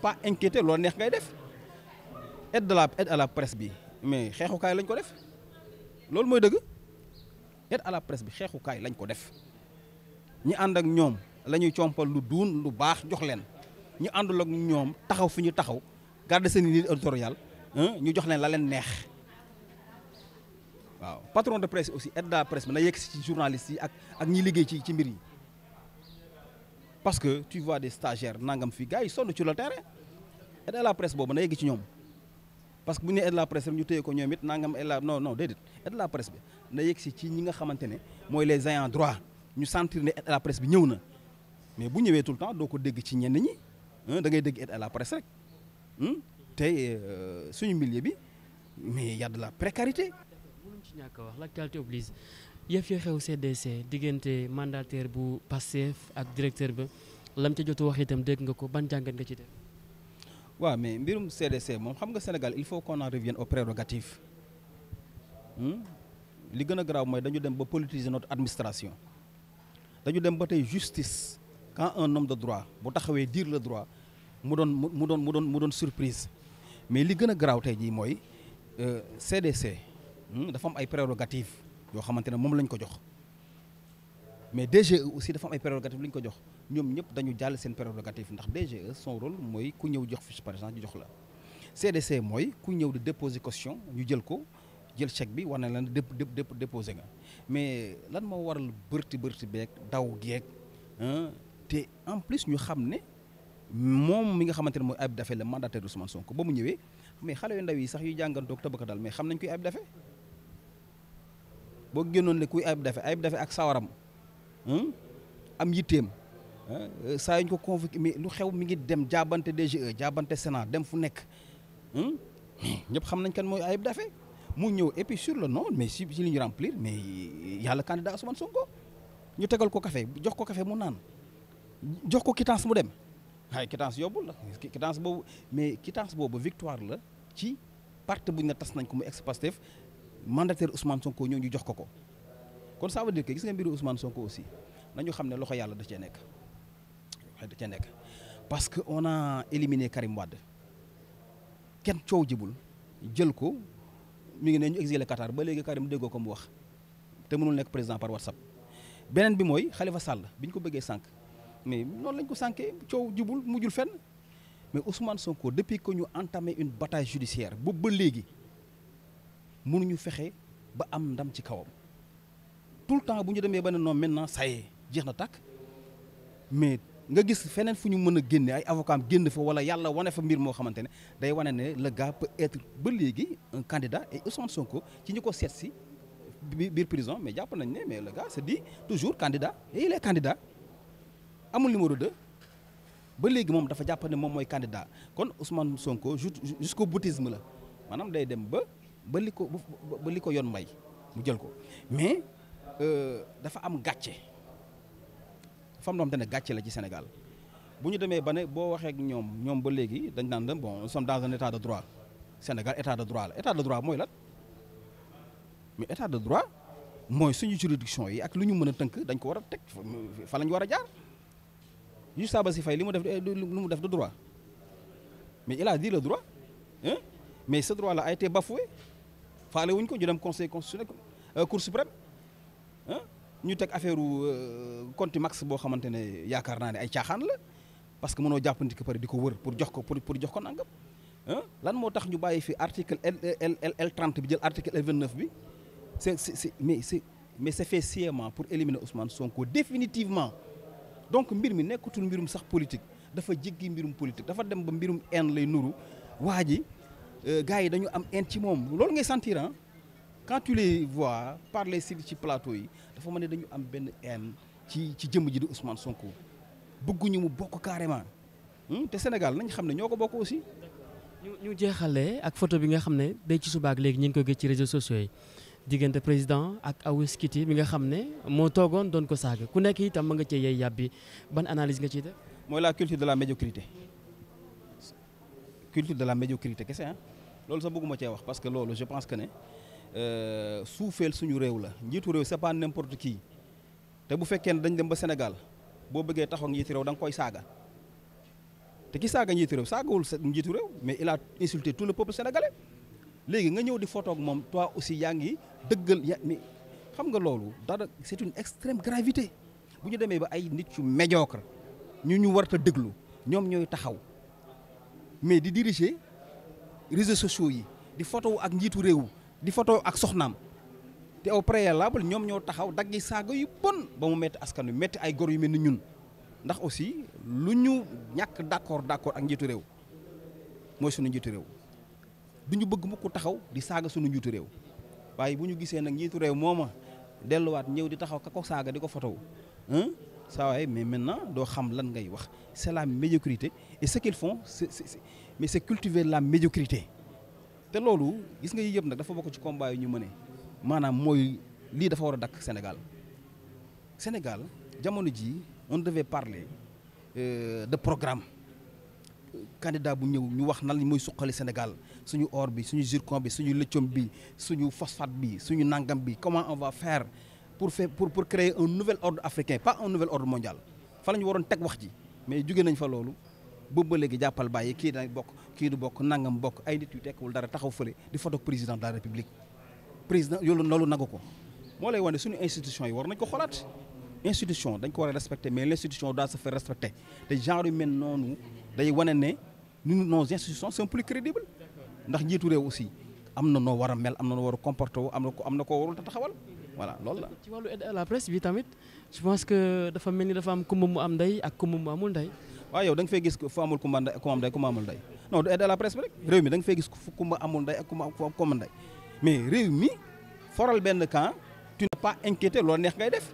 pas inquiété loolu neex ngay def aide de la aide à la presse bi mais xeexukaay lañ ko def loolu mooy dëgg aide à la presse bi xeexukaay lañ ko def ñi ànd ak ñoom la ñuy compal lu duun lu baax jox leen ñu àndul ak ñoom taxaw fi ñu taxaw garder seen ligne éditoriale ñu jox leen la leen neex waaw patron de presse aussi aide à la presse bi na yegg si ci journaliste yi ak ak ñi liggéey ci ci mbir yi. parce que tu vois des stagiaires nangam fii gars yi sonn ci le terrain aide à la presse boobu na yegg ci ñoom parce que bu ñu aide à la presse rek ñu téye ko ñoom it nangam aide la non non déedéet aide à la ci ñi nga xamante ne mooy les ayants droit ñu sentir ne aide à la presse bi ñëw na mais bu ñëwee tout le temps doo ko dégg ci ñenn ñi da ngay dégg aide à la presse rek tey euh, suñu millier bi mais y a la précarité. mënuñ ci ñàkk wax l'actualité oblige. yëf ya xew CDC diggante mandataire bu Pastef ak directeur ba lam ca jotu wax itam dégg nga ko ban jàngat nga ci def. waaw mais mbirum CDC moom xam nga Sénégal il faut qu'on en revienne aux prérogatives hmm? li gën a garaaw mooy dañu dem ba politiser notre administration dañu dem ba tey justice quand un homme de droit bu taxawee dire le droit mu doon mu doon mu doon mu doon surprise mais li gën a garaaw tey jii mooy CDC euh, hmm, dafa am ay prérogatives. yoo xamante ne moom lañ ko jox mais DGE aussi dafa am ay prérogatives lu ñu ko jox ñoom ñëpp dañu jàll seen prérogative ndax DGE son rôle mooy ku ñëw jox fiche par exemple jox la CDC mooy ku ñëw di déposer caution ñu jël ko jël chèque bi war na leen dép dép déposé nga mais lan moo waral bërti bërti beeg daw geeg te en plus ñu xam ne moom mi nga xamante ne mooy Habib Daffé la mandataire Ousmane ko ba mu ñëwee mais xale yu ndaw yi sax yu jàngantoog tabaka daal mais xam nañ koy Habib Daffé boo génnoon ne kuy ayib dafe ayib dafe ak sawaram hmm? am yitteem eh, saa yuñ ko convoqué mi lu xew mi ngi dem jaabante DGE jaabante Sénat dem fu nekk hmm? ñëpp xam nañ kan mooy ayib dafe mu ñëw et sur le non mais si si li ñu remplir mais yàlla candidat Ousmane Sonko ñu tegal ko kafe jox ko kafe mu naan jox ko quittance mu dem waaye quittance yóbbul la quittance boobu mais quittance boobu victoire la ci parti buñ na tas nañ ko mu ex Pastef mandataire Ousmane Sonko ñoo ñu jox ko ko kon ça veut dire que gis nga mbiru Ousmane Sonko aussi nañu xam ne loxo yàlla da cee nekk da cee nekk parce que on a éliminé Karim Wade kenn coow jibul jël ko mi ngi ne ñu exilé Qatar ba léegi Karim déggoo ko mu wax te mënul nekk président par WhatsApp beneen bi mooy Khalifa sàll bi ñu ko bëggee sànq mais noonu lañ ko sànkee coow jibul mujjul fenn mais Ousmane Sonko depuis ko ñu entamé une bataille judiciaire boobu ba léegi. mënuñu fexe ba am ndam ci kawam tout le temps bu ñu demee ba ne non maintenant ça y jeex na tàkk mais nga gis feneen fu ñu mën a génne ay avocat am génn fa wala yàlla wane fa mbir moo xamante ne day wane ne le gars peut être ba léegi un ay et Ousmane Sonko ci ñu ko seet si biir prison mais jàpp nañ ne mais le gars se dit toujours candidat et il amul numéro 2 ba léegi moom dafa jàpp ne moom mooy candidat kon Ousmane Sonko jusqu'au boutisme la maanaam day dem ba. ba li ko ba ko yoon may mu jël ko mais euh, dafa am gàcce dafa am loo ne gàcce la ci Sénégal bu ñu demee ba ne boo waxee ak ñoom ñoom ba léegi dañ naan bon nous sommes dans un état de droit Sénégal état de droit la état de droit mooy lan mais état de droit mooy suñu juridiction yi ak lu ñu mën a tënk dañ ko war a teg fa lañ war a jaar juste ba si li mu def eh, lu mu def de droit mais il a dit le droit hein mais ce droit là a été bafoué faale wuñ ko ñu dem conseil constitutionnel euh, cour suprême ah ñu teg affaire u euh, compte max boo xamante ne yaakaar naa ne ay caaxaan la parce que mënoo jàppandi ko pare di ko wër pour jox ko pour jox ko nangam lan moo tax ñu bàyyi fi article L L bi jël article L 29 bi c'est c'est mais c'est mais c'est fait sciemment pour éliminer Ousmane Sonko définitivement donc mbir mi nekkatul mbirum sax politique dafa jéggi mbirum politique dafa dem ba mbirum haine lay nuru waa ji Euh, gars yi dañu am haine ci moom loolu ngay sentir ah quand tu les parler si ci plateau yi dafa man ne dañu am benn haine ci ci jëmm ji di Ousmane Sonko bëgguñu mu bokk carrément hmm? te Sénégal nañ xam ne ñoo ko bokk aussi. ñu jeexale ak foto bi nga xam ne day ci subaak léegi ñu ngi ko gis ci réseaux sociaux président ak Awoush Kitty bi nga xam ne moo toogoon doon ko saaga ku nekk itam ma nga cee yey yàbbi ban analyse nga ciy def. mooy la culture de la médiocrité culture de la médiocrité kese ah. loolu sax bëgguma ce wax parce que loolu je pense que ne euh, suufeel suñu réew la njiitu réew c'est pas n'importe qui te bu fekkee ne dañ dem ba Sénégal boo bëggee taxaw njiitu réew da nga koy saaga te ki saaga njiitu réew saagawul njiitu réew mais il a insulté tout le peuple sénégalais léegi nga ñëw di photo ak moom trois aussi yaa ngi dëggal ya mi xam nga loolu dara c'est une extrême gravité bu ñu demee ba ay nit yu médiocre ñu ñu warta déglu ñoom ñooy taxaw mais di diriger. réseaux sociaux yi di photo ak njiitu réew di photo ak soxnaam te au préalable ñoom ñoo taxaw daggi saaga yu bon ba mu metti askan wi metti ay gor yu mel na ñun ndax aussi lu ñu ñàkk d'accord d'accord ak njiitu réew mooy sunu njiitu réew du ñu bëgg mukk taxaw di saaga sunu njiitu réew waaye bu ñu gisee nag njiitu réew mooma delluwaat ñëw di taxaw ka ko saaga di ko fotow ça ouais, mais maintenant doo xam lan ngay wax c'est la médiocrité et ce qu'ils font c'est mais c'est cultiver la médiocrité te loolu gis nga yii yëpp nag dafa bokk ci combat yu ñu mëne maanaam mooy lii dafa war a dakk Sénégal Sénégal jamono ji on devait parler euh, de programme candidat bu ñëw ñu wax nan lañ mooy suqali Sénégal suñu or bi suñu zircon bi suñu lëccom bi suñu phosphate bi suñu nangam bi comment on va faire pour faire pour pour créer un nouvel ordre africain pas un nouvel ordre mondial fa la ñu waroon teg wax ji mais jóge nañ fa loolu boobu ba léegi jàppal bàyyi kii da bokk kii du bokk nangam bokk ay nit yu tekkiwul dara taxaw fële di photo président de la république président yoolu loolu nagu ko moo lay wane suñu institution yi war nañ ko xoolaat institution dañ ko war a respecter mais l' institution doit se faire respecter te genre yu mel noonu day wane ne ñun nos institutions sont plus ndax njiitu réew am na noo war a mel am na noo war a comporter wu am ko am na koo warul taxawal voilà lool la. ci wàllu aide la presse bi tamit je pense que dafa mel ni dafa am kumba mu am ndey ak kumba mu amul ndey. waaw yow da nga fay gis fu amul kumba ndey kumba am ndey kumba amul ndey non du aide à la presse bi rek réew mi da nga fay gis fu kumba mais réew mi foral benn camp tu n'es pas inquiété loolu neex ngay def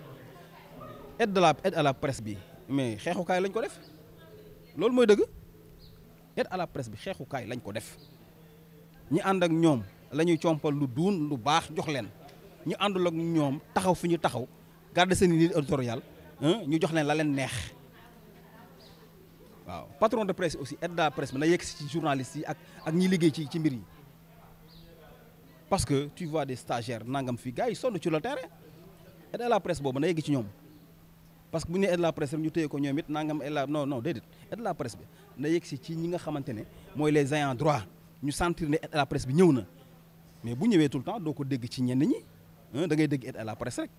aide à la aide à la presse bi mais xeexukaay lañ ko def loolu mooy dëgg aide à la presse bi xeexukaay lañ ko def ñi ànd ak ñoom lañuy ñuy compal lu duun lu baax jox leen. ñu àndul ñoom taxaw fi ñu taxaw garder seen ligne éditoriale ñu jox leen la leen neex waaw patron de presse aussi aide de la presse bi na yegg si ci journaliste yi ak ak ñi ci ci yi parce que tu vois des stagiaires nangam fii gars yi sonn ci le terrain aide à la presse boobu na yegg ci ñoom parce que bu ñu nee aide la presse rek ñu téye ko ñoom it nangam aide la non non la presse bi na yegg si ci ñi nga xamante ne mooy les ayants droit ñu sentir ne aide à la presse bi ñëw na mais bu ñëwee tout le doo ko dégg ci ñenn ñi. da ngay dégg aide à la presse rek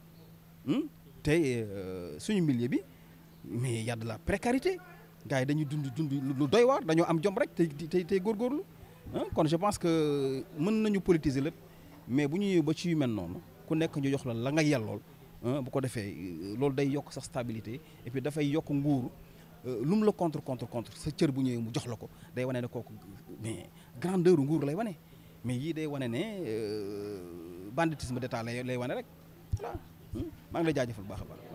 tey euh, suñu milieu bi mais y la précarité gars yi dañuy dund dund lu doy waar dañoo am jom rek tey tey tey góorgóorlu kon je pense que mën nañu politiser lépp mais bu ñuy ba ci yu mel noonu ku nekk ñu jox la la nga lool bu ko defee euh, loolu day yokk sa stabilité et puis dafay yokk nguur euh, lu la contre contre contre sa cër bu ñëwee mu jox la ko day wane ne kooku mais grandeur nguur lay wane mais yii day wane ne. banditisme d'état lay lay wane rek waaw hmm. maa ngi lay jaajëfal bu baax a baax